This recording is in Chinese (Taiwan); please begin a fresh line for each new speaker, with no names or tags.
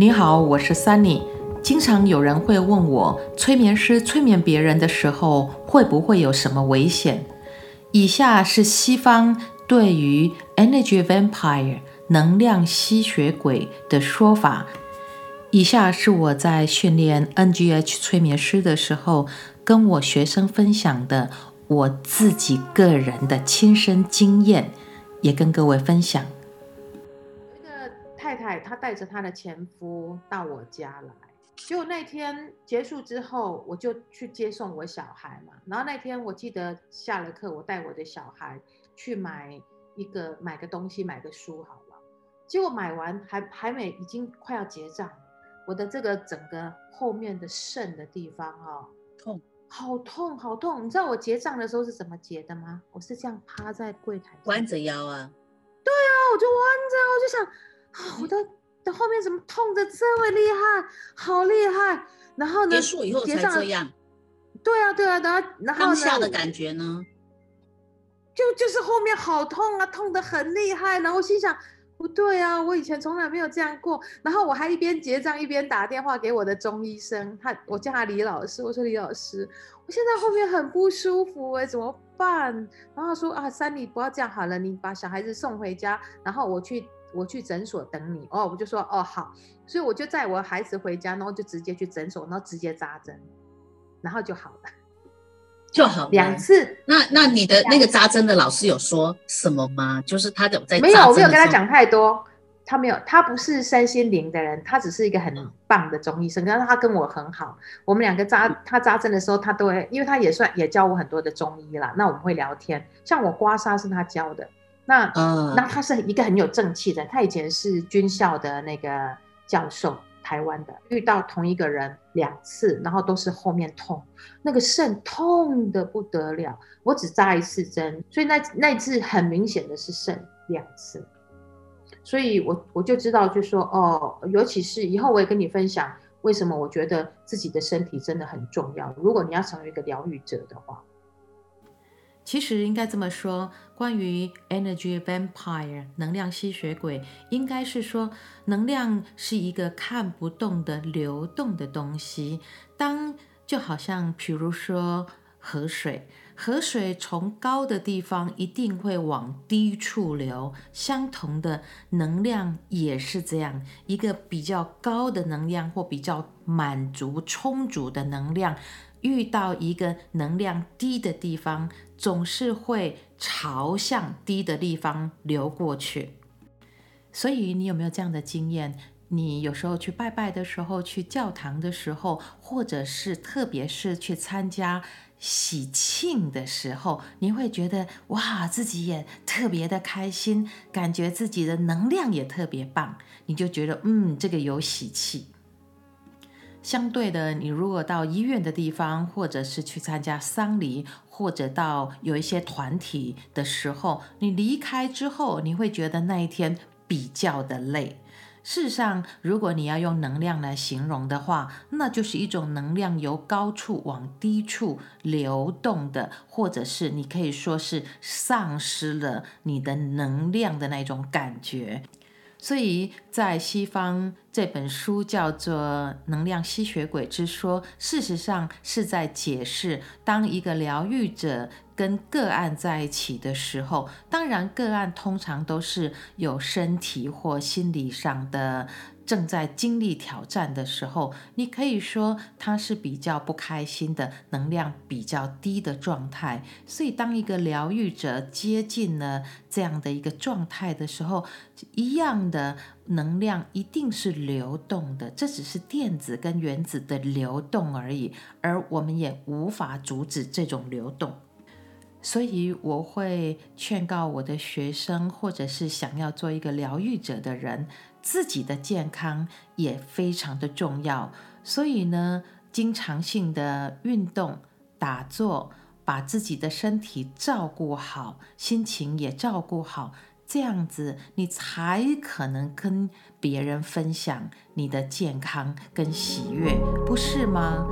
你好，我是 Sunny。經常有人會問我，催眠師催眠別人的時候會不會有什麼危險？以下是西方對於 Energy Vampire（ 能量吸血鬼）的說法。以下是我在訓練 NGH 催眠師的時候，跟我學生分享的我自己個人的親身經驗，也跟各位分享。太太，她帶着她的前夫到我家來，結果那天結束之後，我就去接送我小孩嘛。然後那天我記得下了課，我帶我的小孩去買一個買個東西，買個書好了。結果買完還還沒已經快要結賬，我的這個整個後面的腎的地方哦，痛，好痛好痛！你知道我結賬的時候是怎麼結的嗎？我是這樣趴在櫃台彎着腰啊，對啊，我就彎着，我就想。我的的後面怎麼痛得這麼厲害？好厲害！然後呢？結束以後才這樣對啊。對啊，對啊，然後然後。下的感覺呢？就就是後面好痛啊，痛得很厲害。然後我心想，不對啊，我以前從來沒有這樣過。然後我還一邊結賬一邊打電話給我的中醫生，他我叫他李老師，我說李老師，我現在後面很不舒服、欸，哎，怎麼辦？然後他說啊，三你不要這樣，好了，你把小孩子送回家，然後我去。我去診所等你哦，我就說哦，好，所以我就帶我孩子回家，然後就直接去診所，然後直接扎針，然後就好了，就好兩次。那那你的次那個扎針的老師有說什麼嗎？就是他有在沒有？我沒有跟他講太多，他沒有，他不是身心靈的人，他只是一個很棒的中醫生，嗯、但他跟我很好，我們兩個扎他扎針的時候，他都會，因為他也算也教我很多的中醫啦。那我們會聊天，像我刮痧是他教的。那那他是一個很有正氣的，他以前是軍校的那個教授，台灣的。遇到同一個人兩次，然後都是後面痛，那個腎痛得不得了。我只扎一次針，所以那那一次很明顯的是腎兩次。所以我我就知道就，就說哦，尤其是以後我也跟你分享，為什麼我覺得自己的身體真的很重要，如果你要成為一個療癒者的話。其實應該這麼說，關於 Energy Vampire 能量吸血鬼，應該是說能量是一個看不動的流動的東西。當就好像，比如說河水，河水從高的地方一定會往低處流，相同的能量也是這樣，一個比較高的能量或比較滿足充足的能量。遇到一個能量低的地方，總是會朝向低的地方流過去。所以你有沒有這樣的經驗？你有時候去拜拜的時候，去教堂的時候，或者是特別是去參加喜慶的時候，你會覺得哇，自己也特別的開心，感覺自己的能量也特別棒，你就覺得嗯，這個有喜氣。相對的，你如果到醫院的地方，或者是去參加喪禮，或者到有一些團體的時候，你離開之後，你會覺得那一天比較的累。事實上，如果你要用能量來形容的話，那就是一種能量由高處往低處流動的，或者是你可以說是喪失了你的能量的那種感覺。所以，在西方，這本書叫做《能量吸血鬼》之說，事實上是在解釋，當一個療癒者。跟個案在一起的時候，當然個案通常都是有身體或心理上的正在經歷挑戰的時候，你可以說他是比較不開心的，能量比較低的狀態。所以，當一個療癒者接近了這樣的一個狀態的時候，一樣的能量一定是流動的，這只是電子跟原子的流動而已，而我們也無法阻止這種流動。所以我會勸告我的學生，或者是想要做一個療癒者的人，自己的健康也非常的重要。所以呢，經常性的運動、打坐，把自己的身體照顧好，心情也照顧好，這樣子你才可能跟別人分享你的健康跟喜悅，不是嗎？